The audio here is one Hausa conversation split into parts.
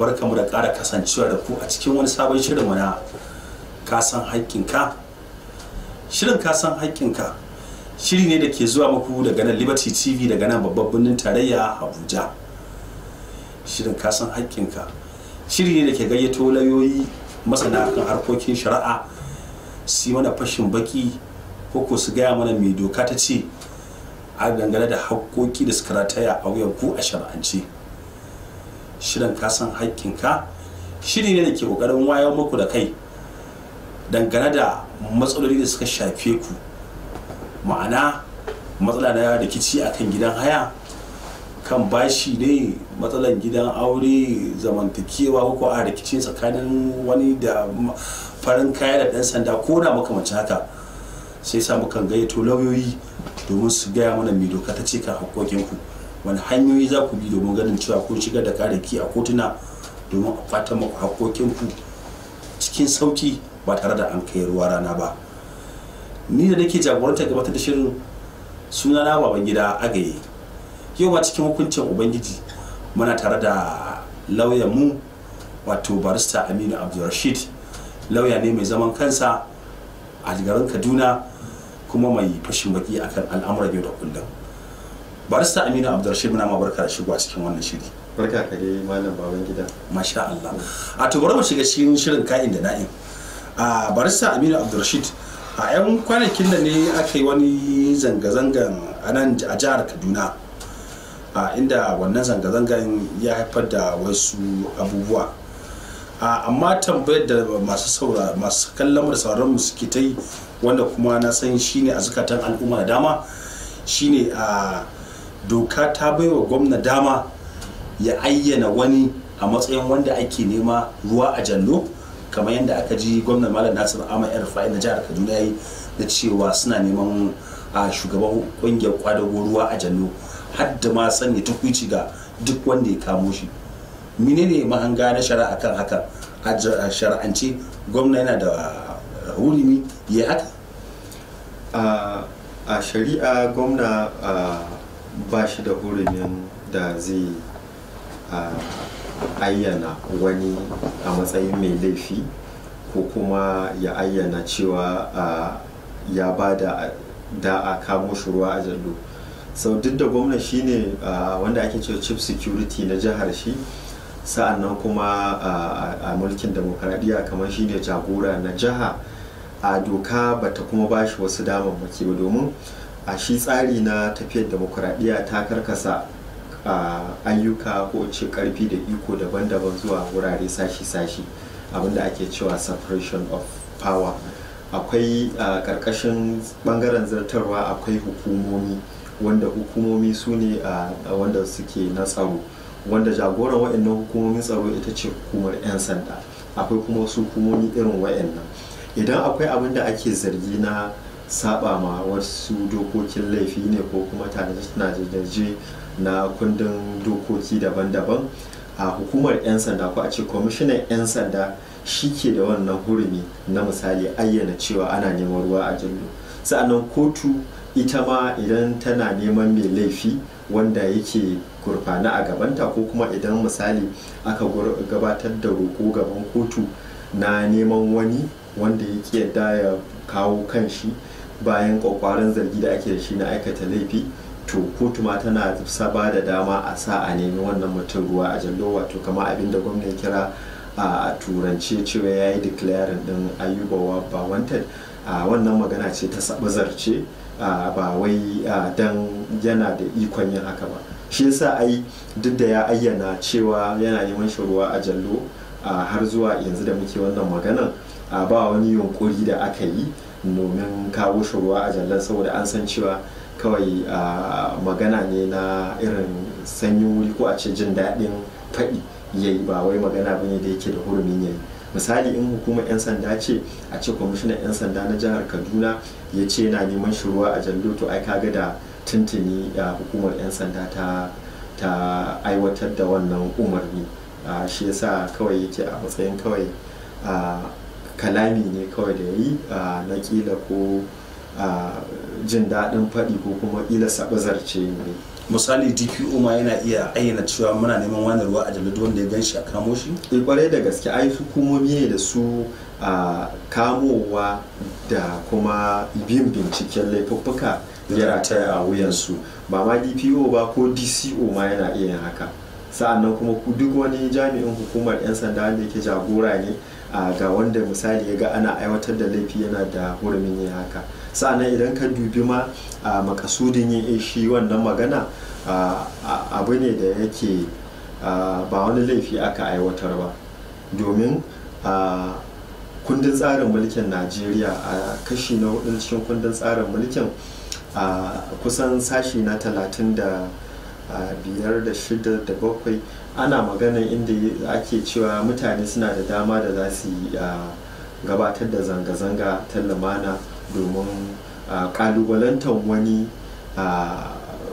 mu da ƙara kasancewa da ku a cikin wani sabon shirin wani kasan haƙƙinka shirin kasan haƙƙinka shiri ne da ke zuwa muku daga nan liberty tv daga nan babban birnin tarayya abuja shirin kasan haƙƙinka shiri ne da ke gayyato lauyoyi masana kan harkokin shari'a su mana fashin baki ko ko su gaya mana mai doka ta ce a dangane da haƙƙoƙi da suka rataya a wuyan ku a shari'ance. shirin kasan haƙƙinka shiri ne da ke ƙoƙarin wayar muku da kai dangane da matsaloli da suka shafe ku ma'ana matsala na rikici a kan gidan haya kan bashi ne matsalan gidan aure zamantakewa ko a rikici tsakanin wani da farin kaya da ɗan sanda ko na makamancin haka sai sa mukan gayyato lauyoyi domin su gaya mana mai doka ta ce kan ku. wani hanyoyi za ku bi domin ganin cewa kun shiga da karaki a kotuna domin a fata muku hakokinku cikin sauki ba tare da an kai ruwa rana ba ni da nake jagorantar gabatar da shirin suna na baban gida agaye yau ma cikin hukuncin ubangiji muna tare da lauyan mu wato barista aminu abdulrashid lauya ne mai zaman kansa a garin kaduna kuma mai fashin baki akan al'amuran yau da kullum barista aminu abdulrashid muna ma barka da shigo a cikin wannan shiri barka ka dai malam baban gida masha Allah a to bari mu shiga cikin shirin ka'in da na'in a barista aminu abdulrashid a yan kwanakin da ne aka yi wani zanga-zangan a nan a jihar kaduna a inda wannan zanga-zangan ya haifar da wasu abubuwa amma tambayar da masu saura masu kallon da sauran mu suke ta yi wanda kuma na san shine a zukatan al'umma da dama shine a doka ta baiwa gwamna dama ya ayyana wani a matsayin wanda ake nema ruwa a jallo kamar yadda aka ji gwamnan malam Nasiru ahmad yar na jihar kaduna ya yi da cewa suna neman a shugaban kungiyar kwadago ruwa a jallo har ma sanya tukwici ga duk wanda ya kamo shi menene mahanga na shari'a kan haka a shari'ance gwamna yana da hurumi ya haka a shari'a gwamna ba shi da hurumin da zai ayyana wani a matsayin mai laifi ko kuma ya ayyana cewa ya ba da da a kamo shi ruwa a jallo sau duk da gwamna shine wanda ake cewa chief security na jihar shi sa'annan kuma a mulkin demokradiyya kamar shine jagora na jiha a doka bata kuma ba shi wasu damammaki ba domin a shi tsari na tafiyar demokuraɗiyya ta karkasa a ayyuka ko ce karfi da iko daban-daban zuwa wurare sashi-sashi abinda ake cewa separation of power akwai a karkashin bangaren zartarwa akwai hukumomi wanda hukumomi su ne wanda suke na tsaro wanda jagoran wa'annan hukumomin tsaro ita ce hukumar 'yan sanda akwai kuma wasu hukumomi irin wa'annan idan akwai abin da ake zargi na saba ma wasu dokokin laifi ne ko kuma da tanaje na kundin dokoki daban-daban a hukumar 'yan sanda ko a ce kwamishinan 'yan sanda shi ke da wannan hurumi na misali ayyana cewa ana neman ruwa a jirgin sa'annan kotu ita ma idan tana neman mai laifi wanda yake gurfana a gabanta ko kuma idan misali aka gabatar da roƙo gaban kotu na neman wani wanda yake yadda ya kawo kan shi bayan kwakwaran zargi da ake da shi na aikata laifi to kotu ma tana ba da dama a sa a nemi wannan mutum ruwa a jallo wato kama abinda gwamnan kira a turance cewa ya yi declaring din ayubawa ba wanted a wannan magana ce ta sabazarce ba wai dan yana da ikon yin haka ba shi yasa ai duk da ya ayyana cewa yana neman shi ruwa a jallo har zuwa yanzu da muke wannan maganan ba wani yunkuri da aka yi domin kawo shugaba a jallar saboda an san cewa kawai magana ne na irin sanyin wuri ko a ce jin daɗin faɗi yayi ba wai magana bane da yake da hurumin yi misali in hukumar 'yan sanda ce a ce kwamishinan 'yan sanda na jihar kaduna ya ce yana neman shuruwa a jallo to ai kaga da tuntuni da hukumar 'yan sanda ta ta aiwatar da wannan umarni shi yasa kawai yake a matsayin kawai kalami ne kawai da ya yi na kila ko jin daɗin faɗi ko kuma kila sabazarce ne misali dpo ma yana iya ayyana cewa muna neman wani ruwa a jaladu wanda ya gan shi a kamo shi? E, ƙwarai da gaske ai hukumomi ne da su a kamowa da kuma bin binciken laifuffuka yana ta a wuyansu ba ma dpo ba ko dco ma yana iya yin haka sa'annan kuma duk wani jami'in hukumar 'yan sanda wanda yake jagora ne ga wanda misali ya ga ana aiwatar da laifi yana da hurumin yin haka sa'annan idan ka dubi ma a makasudin yin eh, shi wannan magana abu ne da yake ba wani laifi aka aiwatar ba domin kundin tsarin mulkin najeriya a kashi na hudun cikin kundin tsarin mulkin a kusan sashi na talatin da biyar da shida da bakwai ana maganin inda ake cewa mutane suna da dama da za su yi gabatar da zanga-zanga ta lumana domin kalubalantar wani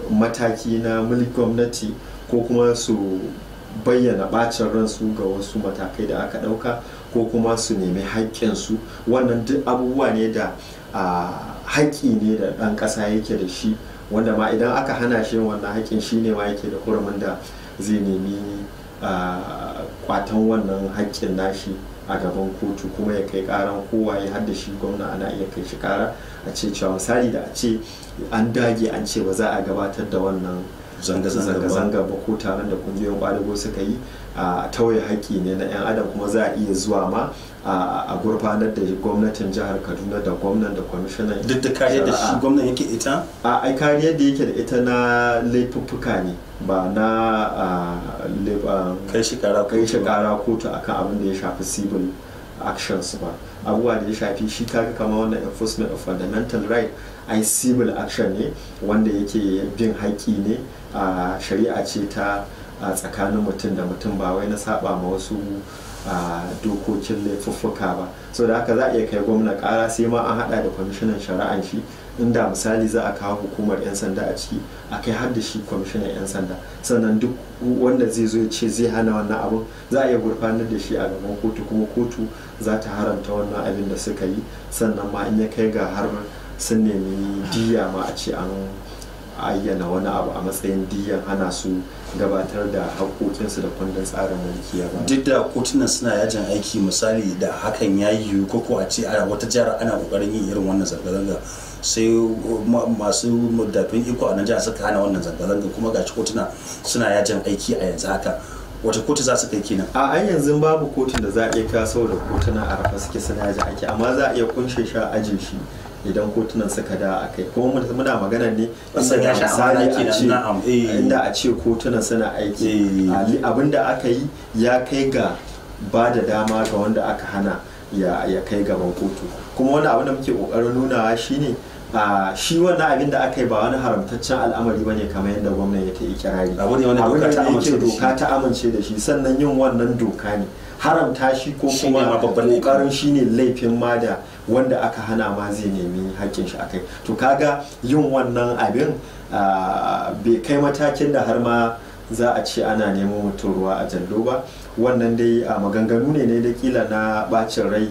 mataki na mulki gwamnati ko kuma su bayyana bacin ransu ga wasu matakai da aka ɗauka ko kuma su nemi haƙƙinsu wannan duk abubuwa ne da haƙƙi ne da ɗan ƙasa yake da shi wanda ma idan aka hana shi wannan haƙƙin shi ne ma yake da kuramin da zai nemi kwatan wannan haƙƙin nashi a gaban kotu kuma ya kai karan kowa ya hada shi gwamna ana iya kai shi kara a ce cewa misali da a ce an dage an ce ba za a gabatar da wannan zanga-zanga ba ko taron da kungiyoyin kwadago suka yi a tauye haƙƙi ne na 'yan adam kuma za a iya zuwa ma a gurfanar da gwamnatin jihar kaduna da gwamnan da kwamishinan duk da kariyar da shi gwamnan yake ita a ai kariyar da yake da ita na laifuffuka ne ba na kai shi kara kotu akan abin da ya shafi civil actions ba abubuwa da ya shafi shi kaga kama wannan enforcement of fundamental right ai civil action ne wanda yake bin haƙƙi ne a shari'a ce ta tsakanin mutum da mutum ba wai na saba ma wasu a dokokin laifuffuka ba so da haka za a iya kai gwamna kara sai ma an haɗa da kwamishinan shari'an shi inda misali za a kawo hukumar 'yan sanda a ciki a kai har da shi kwamishinan 'yan sanda sannan duk wanda zai zo ya ce zai hana wannan abin za a iya gurfanar da shi a gaban kotu kuma kotu za ta haramta wannan abin da suka yi sannan ma in ya kai ga har sun nemi diya ma a ce an ayyana wani abu a matsayin diyan hana su gabatar da haƙoƙinsu da kundin tsarin mulki ya ba duk da kotunan suna yajin aiki misali da hakan ya yiwu ko ko a ce a wata jihar ana ƙoƙarin yin irin wannan zanga-zanga sai masu muddafin iko a nan jihar suka hana wannan zanga-zanga kuma gashi kotuna suna yajin aiki a yanzu haka wata kotu za su kai kenan a an yanzu babu kotun da za a iya kawo saboda kotuna a rafa suke suna yajin aiki amma za a iya kunshe shi a ajin shi idan kotunan suka da a kai ko muna magana ne inda misali eh. a ce kotunan suna aiki eh. abinda aka yi ya kai ga ba da dama ga wanda aka hana ya kai gaban kotu kuma wani abin da muke kokarin nunawa shine a shi wannan abin da aka yi ba wani haramtaccen al'amari bane kamar yadda gwamnati ta yi kirari abu doka ta amince da shi sannan yin wannan doka ne haramta shi ko kuma kokarin shine laifin mada. wanda aka hana ma zai nemi hakkin shi akai to kaga yin wannan abin bai kai matakin da har ma za a ce ana neman mutum ruwa a jallo ba wannan dai a maganganu ne ne da kila na bacin rai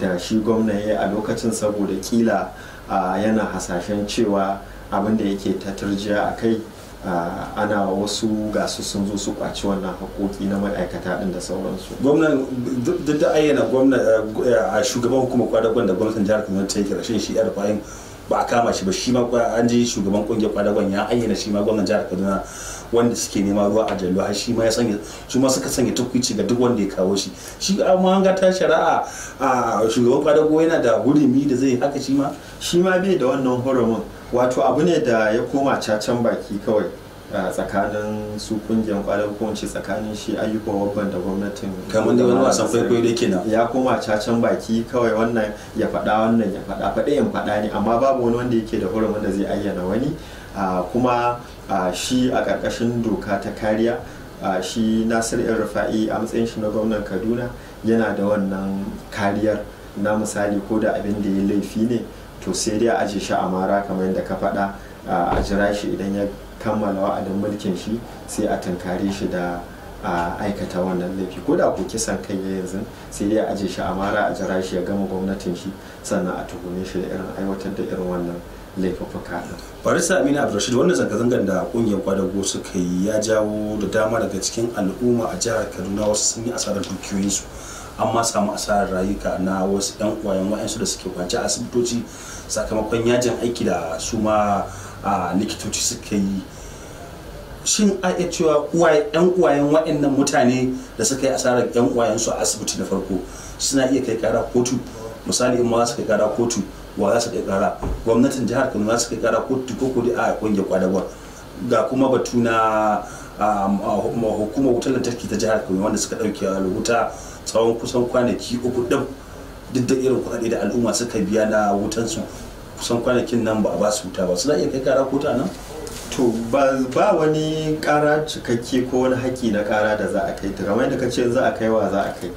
da shi gwamna ya a lokacin saboda kila yana hasashen cewa abinda yake ta turjiya a kai Ah, ana wasu gasu sun zo su kwaci wannan hakoki na ma'aikata din da sauransu. gwamnan duk da ayyana gwamna eh, a shugaban hukumar kwadagon da gwamnatin jihar kaduna ta yi rashin shi yar bayan ba a kama shi ba shi ma an je shugaban kungiyar kwadagon ya ayyana shi ma gwamnan jihar kaduna wanda suke nema ruwa a jallo har shi ma ya sanya shi ma suka sanya tukwici ga duk wanda ya kawo shi shi amma an ga ta shari'a a ah, shugaban kwadago yana da hurumi da zai haka shi ma shi ma bai da wannan hurumin wato abu ne da ya koma cacan baki kawai tsakanin su kungiyar kwadar kunci tsakanin shi ayyukan wabban da gwamnatin kamar da wani wasan kwaikwayo da ke ya koma cacan baki kawai wannan ya faɗa wannan ya faɗa faɗe in faɗa ne amma babu wani wanda yake da hurumin da zai ayyana wani kuma shi a karkashin doka ta kariya shi nasir yan rufa'i a matsayin shi na gwamnan kaduna yana da wannan kariyar na misali ko da abin da ya laifi ne to sai dai aje shi a mara kamar yadda ka faɗa a jira shi idan ya kammala wa'adin mulkin shi sai a tunkare shi da aikata wannan laifi ko da ku kisan kai ya yanzu sai dai aje shi a mara a jira shi ya gama gwamnatin shi sannan a tuhume shi da irin aiwatar da irin wannan laifuka ɗin. barista amina abdulrashid wannan zanga-zangar da kungiyar kwadago suka yi ya jawo da dama daga cikin al'umma a jihar kaduna wasu sun yi asarar dukiyoyinsu amma samu asarar rayuka na wasu 'yan uwayen wa'yansu da suke kwance asibitoci sakamakon yajin aiki da su ma likitoci suka yi shin a iya cewa yan uwayen waɗannan mutane da suka yi asarar yan su a asibiti na farko suna iya kai kara kotu misali in ma za su kai kara kotu wa za su kai kara gwamnatin jihar kano za su kai kara kotu ko kudi a kungiyar kwadagwa ga kuma batu na hukumar wutar lantarki ta jihar kano wanda suka ɗauke wuta tsawon kusan kwanaki uku ɗin duk da irin kuɗaɗe da al'umma suka biya na wutansu kusan kwanakin nan ba a ba su wuta ba suna iya kai kara kota nan to ba wani kara cikakke ko wani haƙƙi na kara da za a kai ta kamar yadda ka ce za a kai wa za a kai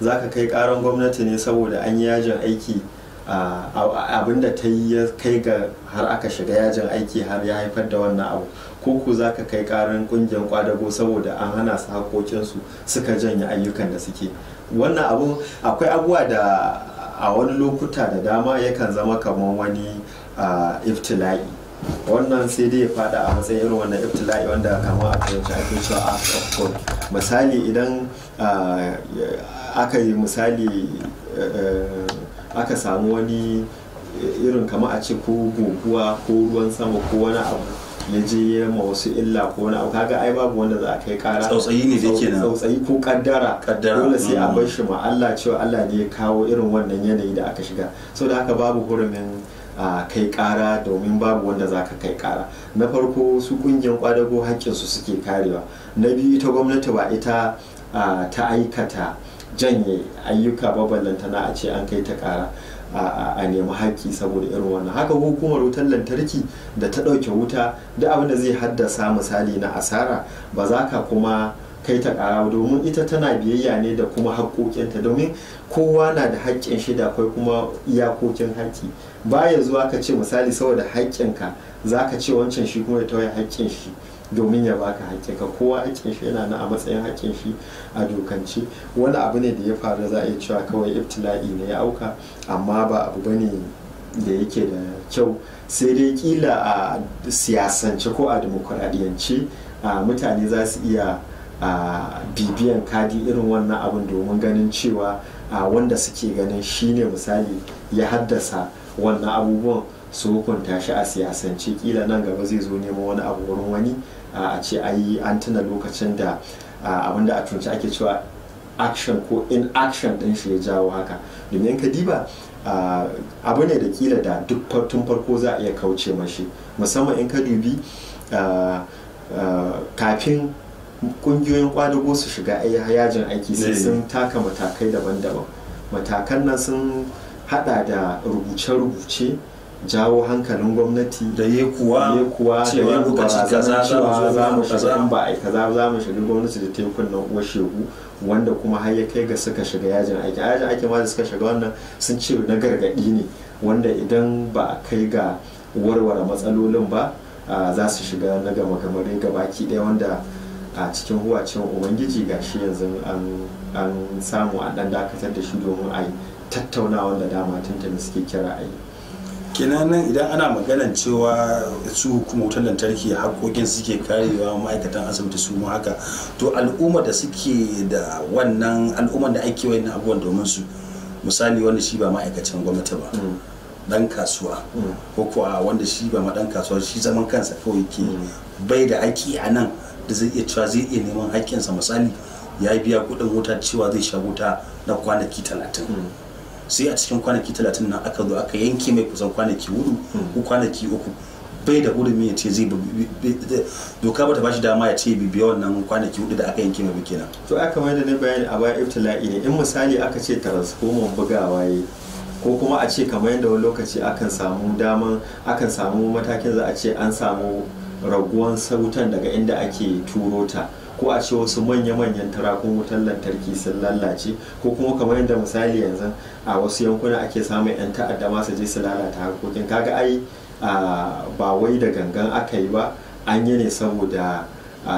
za ka kai karan gwamnati ne saboda an yi yajin aiki abin da ta yi ya kai ga har aka shiga yajin aiki har ya haifar da wannan abu ko ku za ka kai karan kungiyar kwadago saboda an hana su haƙoƙinsu suka janye ayyukan da suke wannan abu akwai abuwa da a wani lokuta da dama yakan zama kamar wani ah, iftila'i wannan sai dai ya fada a matsayin irin wannan iftila'i wanda kama a tsayin ake cewa act of god misali idan ah, aka yi misali eh, aka samu wani eh, irin kama a ce ko guguwa ko ruwan sama ko wani abu ya je ya ma wasu illa ko wani abu kaga ai babu wanda za a kai kara tsautsayi ne da kenan tsautsayi ko kaddara kaddara dole sai a mm. bar shi ma Allah cewa Allah ne ya kawo irin wannan yanayi da aka shiga so da haka babu hurumin a kai kara domin babu wanda za ka kai kara na farko su kungiyar kwadago su suke karewa na biyu ita gwamnati ba ita ta aikata janye ayyuka na a ce an kai ta kara a nemi haƙƙi saboda irin wannan haka hukumar wutar lantarki da ta ɗauke wuta da abin da zai haddasa misali na asara ba za ka kuma kai ta ƙara domin ita tana biyayya ne da kuma haƙoƙinta domin kowa na da haƙƙin shi da akwai kuma iyakokin haƙƙi baya zuwa ka ce misali saboda haƙƙinka za ka ce wancan shi kuma ya tauye haƙƙin shi domin ya baka ka kowa haƙƙin shi yana na a matsayin haƙƙin shi a dokance wani abu ne da ya faru za a yi cewa kawai iftila'i ne ya auka amma ba abu ne da yake da kyau sai dai kila a siyasance ko a demokuraɗiyance mutane za su iya bibiyan kadi irin wannan abin domin ganin cewa wanda suke ganin shine misali ya haddasa wannan abubuwan su hukunta shi a siyasance kila nan gaba zai zo nemo wani abu wurin wani a ce ayi an tuna lokacin da abinda a tunci ake cewa action ko in action din shi ya jawo haka domin ka diba abu ne da kila da duk tun farko za a iya kauce mashi musamman in ka dubi kafin kungiyoyin kwadago su shiga yajin aiki sai eh. sun taka matakai daban-daban matakan nan sun hada da rubuce-rubuce jawo hankalin gwamnati da ya kuwa ya kuwa da ya cewa za mu shiga in ba a kaza za mu shiga gwamnati da tekun nan uwa shegu wanda kuma har ya kai ga suka shiga yajin aiki yajin aiki ma da suka shiga wannan sun ce na gargaɗi ne wanda idan ba a kai ga warware matsalolin ba za su shiga na gama gamare gabaki ɗaya wanda a cikin huwacin ubangiji gashi shi yanzu an samu a ɗan dakatar da shi domin a yi tattaunawa da dama tuntuni suke kira a yi kinanan nan idan ana magana cewa su kuma wutar lantarki hakokin suke karewa ma'aikatan asibiti su ma haka to al'umma da suke da wannan al'umma da ake wayan abubuwan domin su misali wanda shi ba ma'aikacin gwamnati ba dan mm. kasuwa mm. ko kuwa wanda shi ba ma dan kasuwa shi zaman kansa kawai yake mm. bai da haƙƙi a nan da zai iya cewa zai iya neman haƙƙinsa misali ya biya kuɗin wuta cewa zai sha wuta na kwanaki talatin sai a cikin kwanaki talatin nan aka zo aka yanke mai kusan kwanaki hudu ko kwanaki uku bai da hurumi ya ce zai doka ba ta bashi dama ya ce bibiya wannan kwanaki hudu da aka yanke mai bikina. to aka kamar da na bayani a baya iftila'i ne in misali aka ce transformer bugawa ya ko kuma a ce kamar yadda wani lokaci akan samu daman akan samu matakin za a ce an samu raguwan sautan daga inda ake turo ta ko a ce wasu manya-manyan tarakun wutar lantarki sun lalace ko kuma kamar yadda misali yanzu a wasu yankuna ake samun 'yan ta'adda masu je su lalata harkokin kaga ai ba wai da gangan aka yi ba an yi ne saboda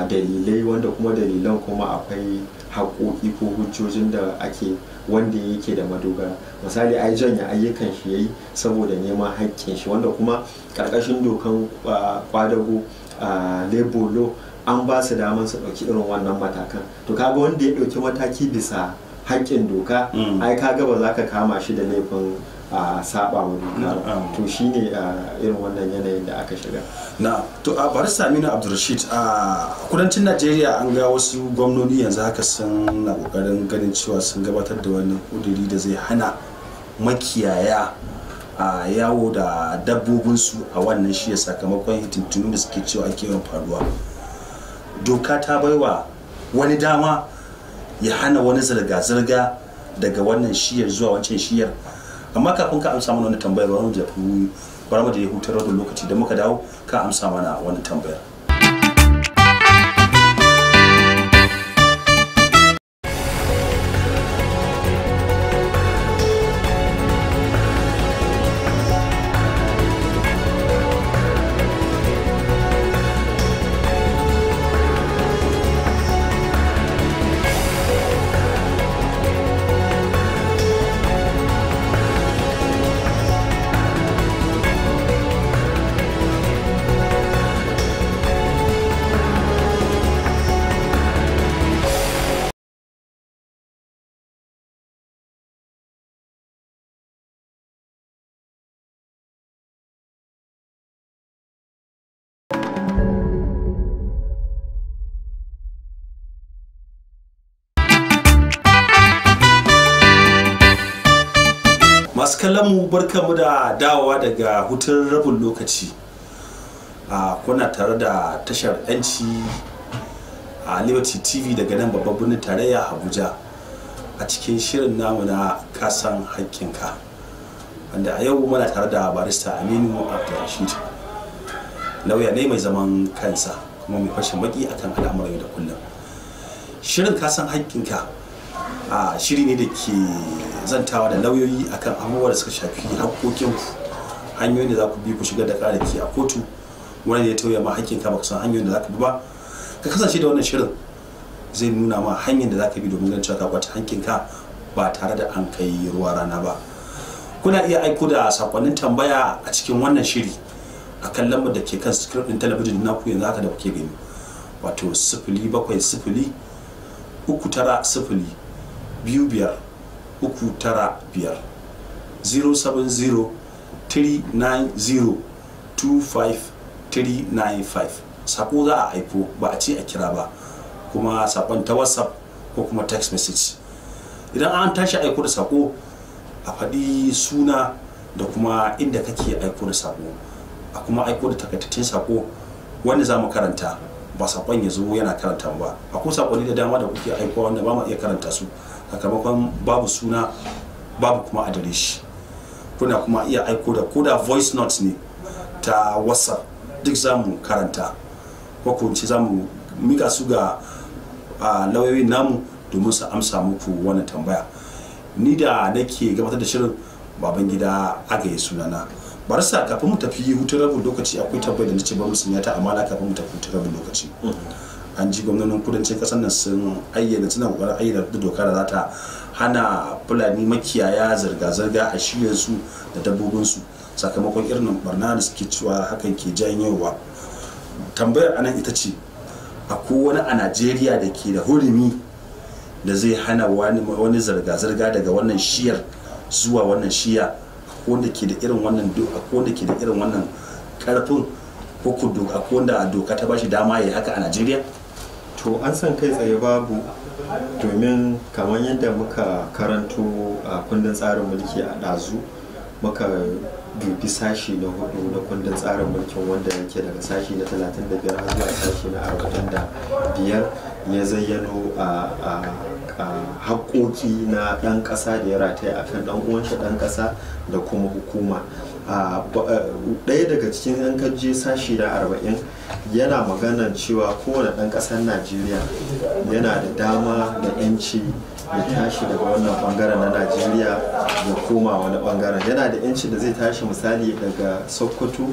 dalilai wanda kuma dalilan kuma akwai haƙoƙi ko hujjojin da ake wanda yake da madogara misali ai janya ayyukan shi yayi saboda neman hakkin shi wanda kuma ƙarƙashin dokan kwadago labor law an ba su daman su ɗauki irin wannan matakan to kaga wanda ya ɗauki mataki bisa haƙƙin doka mm. ai kaga ba za ka kama shi da laifin a saba wa doka to shine irin wannan yanayin da aka shiga na to a bari saminu abdulrashid a kudancin najeriya an ga wasu gwamnoni yanzu haka sun na kokarin ganin cewa sun gabatar da wani kuduri da zai hana makiyaya a yawo da dabbobinsu a wannan ya sakamakon hitintunin da suke cewa ake yawan faruwa doka ta baiwa wani dama ya hana wani zirga-zirga daga wannan shiyar zuwa wancan shiyar amma kafin ka amsa mana wani tambayar wani da bari mu da ya hutar da lokaci da muka dawo ka amsa mana wani tambayar masu kallon mu barka mu da dawowa daga hutun rabin lokaci a kuna tare da tashar yanci a liberty tv daga nan babban birnin tarayya abuja a cikin shirin namu na kasan haƙƙinka wanda a yau muna tare da barista aminu abdulrashid lauya ne mai zaman kansa kuma mai fashin baki akan al'amuran yau da kullum shirin kasan haƙƙinka a shiri ne da ke zantawa da lauyoyi akan abubuwa da suka shafi hakokin hanyoyin da za ku bi ku shigar da ki a kotu wani ya tauya ma hakkin ka baka san hanyoyin da za ka bi ba ka kasance da wannan shirin zai nuna ma hanyar da za ka bi domin ganin cewa ka kwata hankin ka ba tare da an kai ruwa rana ba kuna iya aiko da sakonnin tambaya a cikin wannan shiri akan lambar da ke kan sikirin din talabijin ku yanzu haka da kuke gani wato sifili bakwai sifili uku sifili biyu biyar uku tara biyar 070-390-25395 sako za a aiko ba a ce a kira ba kuma sakon ta whatsapp ko kuma text message idan an tashi aiko da sako a faɗi suna da kuma inda kake aiko da sako a kuma aiko da takaitaccen sako wanda za mu karanta ba sakon ya zo yana karanta ba akwai sakonni da dama da kuke aikowa wanda ba ma iya karanta su sakamakon babu suna babu kuma adireshi kuna kuma iya aiko da koda voice note ne ta whatsapp duk za mu karanta ko ku za mu mika su ga lauyoyin namu domin su amsa muku wannan tambaya ni da nake gabatar da shirin baban gida agaye sunana barsa kafin mu tafi hutun rabin lokaci akwai tabbai da nace ba mu musulmi ta amala kafin mu tafi hutun rabin lokaci mm-hmm. an ji gwamnatin kudancin kasar nan sun ayyana suna kokarin ayyana da doka da za ta hana fulani makiyaya zirga-zirga a shirya su da dabbobinsu sakamakon irin barna da suke cewa hakan ke janyowa tambayar anan ita ce akwai wani a najeriya da ke da hurumi da zai hana wani zirga-zirga daga wannan shiyar zuwa wannan shiya wanda ke da irin wannan akwai wanda ke da irin wannan karfin ko ku akwai wanda doka ta bashi dama ya haka a Najeriya to an san kai tsaye babu domin kamar yadda muka karanto a kundin tsarin mulki a ɗazu muka dubi sashi na hudu na kundin tsarin mulkin wanda yake daga sashi na 35 zuwa sashi na 45 ya zayyano a haƙoƙi na ɗan ƙasa da ya rataya a kan ɗan uwanshi ɗan ƙasa da kuma hukuma eh, ɗaya daga cikin yan kaji sashi da arba'in yana maganan cewa kowane ɗan ƙasar najeriya yana da dama da 'yanci ya tashi daga wannan bangaren na najeriya ya koma wani bangaren yana da 'yanci da zai tashi misali daga sokoto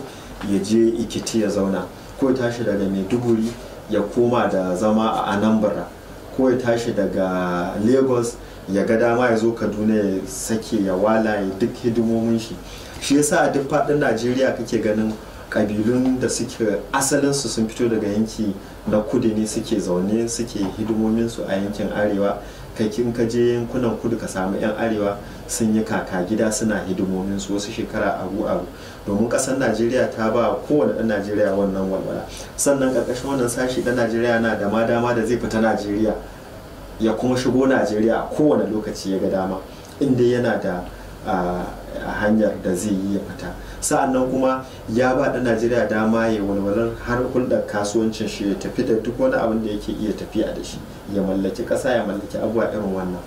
ya je ikiti ya zauna ko ya tashi daga maiduguri ya koma da zama a anambra ko ya tashi daga lagos ya ga dama ya zo kaduna ya sake ya walaye duk hidimomin shi shi yasa a duk faɗin najeriya kake ganin kabilun da suke asalinsu sun fito daga yanki na kudu ne suke zaune suke hidimominsu a yankin arewa kai kin ka je yankunan kudu ka samu 'yan arewa sun yi kaka gida suna hidimomin su wasu shekara aru abu domin kasar najeriya ta ba kowane dan najeriya wannan walwala sannan karkashin wannan sashi dan najeriya na da ma dama da zai fita najeriya ya kuma shigo najeriya a kowane lokaci ya ga dama inda yana da a hanyar da zai yi ya fita sa'annan kuma ya ba da najeriya dama ya walwalar har hulɗar kasuwancin shi ya tafi da duk wani abin da yake iya tafiya da shi ya mallaki ƙasa ya mallaki abubuwa irin wannan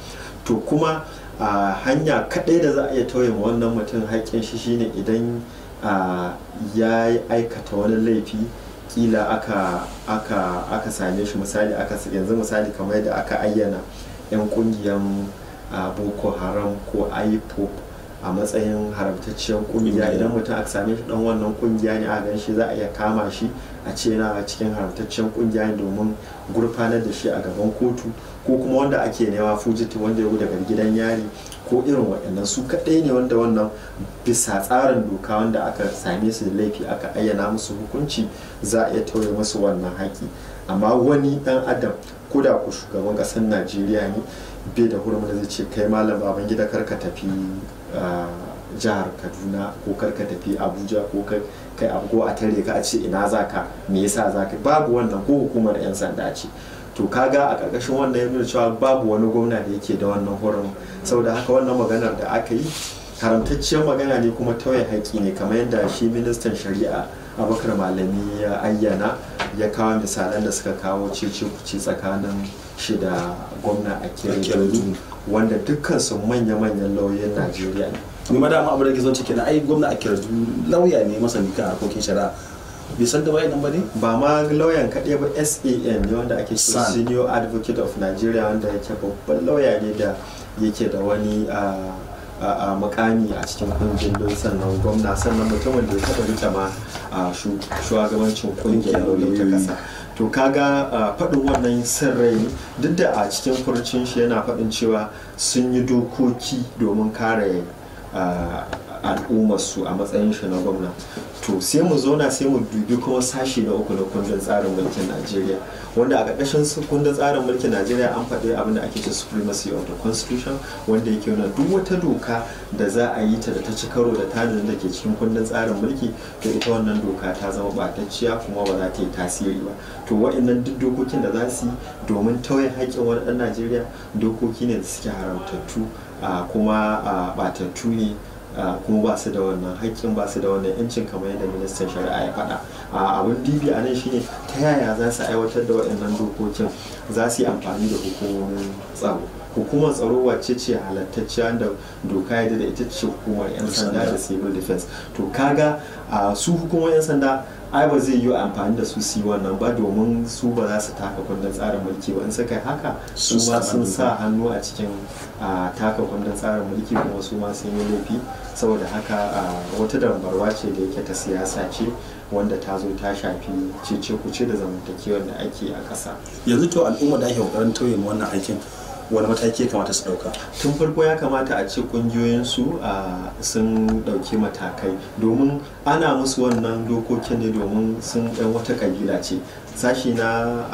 to kuma a hanya kaɗai da za a iya tauye ma wannan mutum haƙƙin shi shine idan ya aikata wani laifi kila aka aka aka same shi misali aka yanzu misali kamar yadda aka ayyana 'yan kungiyar boko haram ko ipop a matsayin haramtacciyar kungiya idan mutum aka same shi dan wannan kungiya ne a gan shi za a iya kama shi a ce na cikin haramtacciyar kungiya ne domin gurfanar da shi a gaban kotu ko kuma wanda ake nema fugitive wanda ya daga gidan yari ko irin waɗannan su kaɗai ne wanda wannan bisa tsarin doka wanda aka same su da laifi aka ayyana musu hukunci za a iya tauye musu wannan haƙi amma wani ɗan adam ko da ku shugaban ƙasar najeriya ne bai da hurumin da zai ce kai malam baban gida ka tafi jihar kaduna ko kar ka tafi abuja ko kai abu ko a tare ka a ce ina zaka me yasa zaka babu wannan ko hukumar 'yan sanda ce to kaga a ƙarƙashin wannan ya nuna cewa babu wani gwamna da yake da wannan horon saboda haka wannan maganar da aka yi haramtacciyar magana ne kuma tauye haƙƙi ne kamar yadda shi ministan shari'a abubakar malami ya ayyana ya kawo misalan da suka kawo cece kuce tsakanin shi da gwamna a kirkiri wanda dukkan su manya-manyan lauyoyin najeriya ne ni madama abu da ke zo ciki na ai gwamna a kirkiri lauya ne masani kan harkokin shari'a bisan da wayannan ba ne ba ma lauyan kaɗai ba SAN ne wanda ake so senior advocate of Nigeria wanda yake babban lauya ne da yake da wani a makami a cikin kungiyar don sannan gwamna sannan mutumin da ya taɓa rike ma shugabancin kungiyar lauyoyi ta kasa to kaga faɗin wannan sirrai duk da a cikin furcin shi yana faɗin cewa sun yi dokoki domin kare su a matsayin shi na gwamna to sai mu zauna sai mu dubi kuma sashi na uku na kundin tsarin mulkin najeriya wanda a ƙarƙashin kundin tsarin mulkin najeriya an faɗi abin da ake ce supremacy of the constitution wanda yake nuna duk wata doka da za a yi ta da ta ci karo da tanadin da ke cikin kundin tsarin mulki to ita wannan doka ta zama ɓatacciya kuma ba za ta yi tasiri ba to waɗannan duk dokokin da za su yi domin tauye haƙƙin wani ɗan najeriya dokoki ne da suke haramtattu kuma ɓatattu ne kuma ba su da wannan haƙƙin ba su da wannan yancin kamar yadda ministan shari'a ya faɗa abin dibi a nan shine ta yaya za su aiwatar da waɗannan dokokin za su yi amfani da hukumomin tsaro hukumar tsaro wacce ce halattacciya da doka ya da ita ce hukumar 'yan sanda da civil defense to kaga su hukumar 'yan sanda ai ba zai yi amfani da su su wannan ba domin su ba za su taka kundin tsarin mulki ba in suka yi haka su ma sun sa hannu a cikin taka kundin tsarin mulki kuma su ma sun yi laifi saboda haka wata dambarwa ce da yake ta siyasa ce wanda ta zo ta shafi cece kuce da zamantakewar da ake a ƙasa yanzu to al'umma da ake ƙoƙarin tauye wannan aikin wani mataki ya kamata su dauka tun farko ya kamata a ce kungiyoyin su sun dauki matakai domin ana musu wannan dokokin ne domin sun yan wata kabila ce sashi na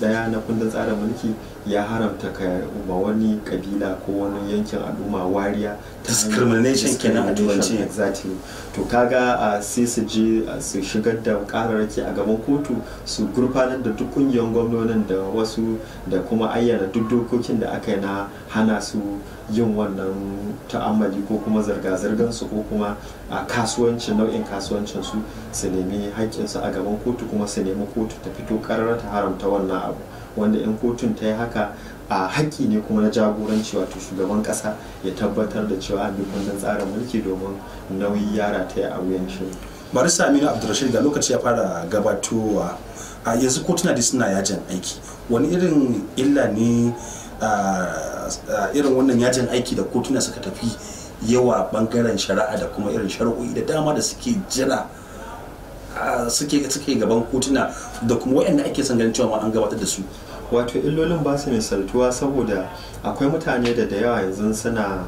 41 na kundin tsarin mulki ya haramta ka ba wani kabila ko wani yankin al'umma wariya discrimination kenan a turanci exactly to kaga a sai su je su shigar da kararraki a gaban kotu su gurfanar da duk kungiyar gwamnonin da wasu da kuma ayyana duk dokokin da aka yi na hana su yin wannan ta'ammali ko kuma zirga-zirgar su ko kuma a kasuwanci nau'in kasuwancin su su nemi haƙƙinsu a gaban kotu kuma su nemi kotu ta fito kararra ta haramta wannan abu wanda in kotun ta yi haka a haƙƙi ne kuma na jagoranci wato shugaban ƙasa ya tabbatar da cewa an bi kundin tsarin mulki domin nauyi yara ta yi a wuyan shi. Marisa Aminu Abdulrashid da lokaci ya fara gabatowa a yanzu kotuna da suna yajin aiki wani irin illa ne irin wannan yajin aiki da kotuna suka tafi yawa bangaren shari'a da kuma irin shari'o'i da dama da suke jira suke suke gaban kotuna da kuma waɗanda ake son ganin cewa an gabatar da su wato illolin ba su misaltuwa saboda akwai mutane da da yawa yanzu suna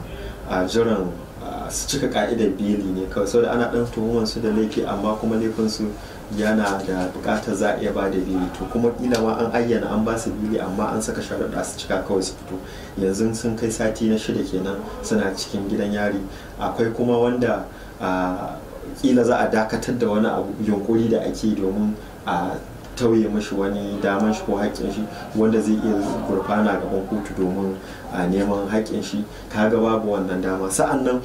a jiran su cika ka'idar bili ne kawai saboda ana ɗan tuhumar su da laifi amma kuma laifin su yana da bukatar za a iya bada bili to kuma kila ma an ayyana an ba su bili amma an saka sharaɗa su cika kawai su fito yanzu sun kai sati na shida kenan suna cikin gidan yari akwai kuma wanda kila za a dakatar da wani abu yunkuri da ake domin a tauye mashi wani damar shi ko haƙƙin shi wanda zai iya gurfana gaban kotu domin a neman haƙƙin shi kaga babu wannan dama sa'an nan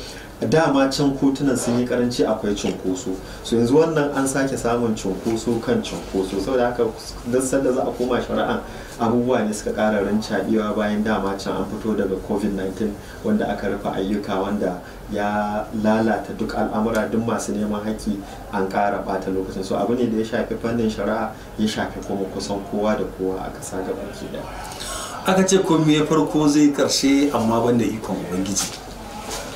dama can kotunan sun yi karanci akwai cunkoso so yanzu wannan an sake samun cunkoso kan cunkoso saboda haka dan sanda za a koma shari'a abubuwa ne suka ƙara rancaɗewa bayan dama can an fito daga covid-19 wanda aka rufe ayyuka wanda ya lalata duk al'amura duk masu neman haƙƙi an ƙara ɓata lokacin so abu ne da ya shafi fannin shari'a ya shafi kuma kusan kowa da kowa a ƙasa ga baki aka ce komai ya farko zai karshe amma banda ikon ubangiji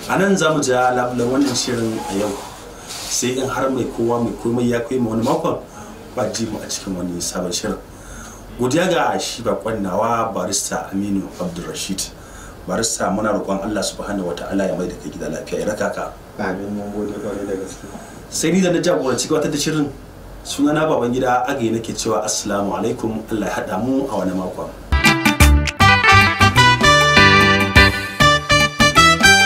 a nan za mu ja labulan wannan shirin a yau sai in har mai kowa mai komai ya kai ma wani makon ba ji mu a cikin wani sabon shirin godiya ga shi bakon nawa barista aminu abdulrashid barista muna roƙon allah subhanahu wata'ala ya mai da kai gida lafiya ya raka ka amin mun gode kwarai da gaske sai ni da na jagoranci wata da shirin sunana baban gida agaye nake cewa assalamu alaikum allah ya haɗa mu a wani makon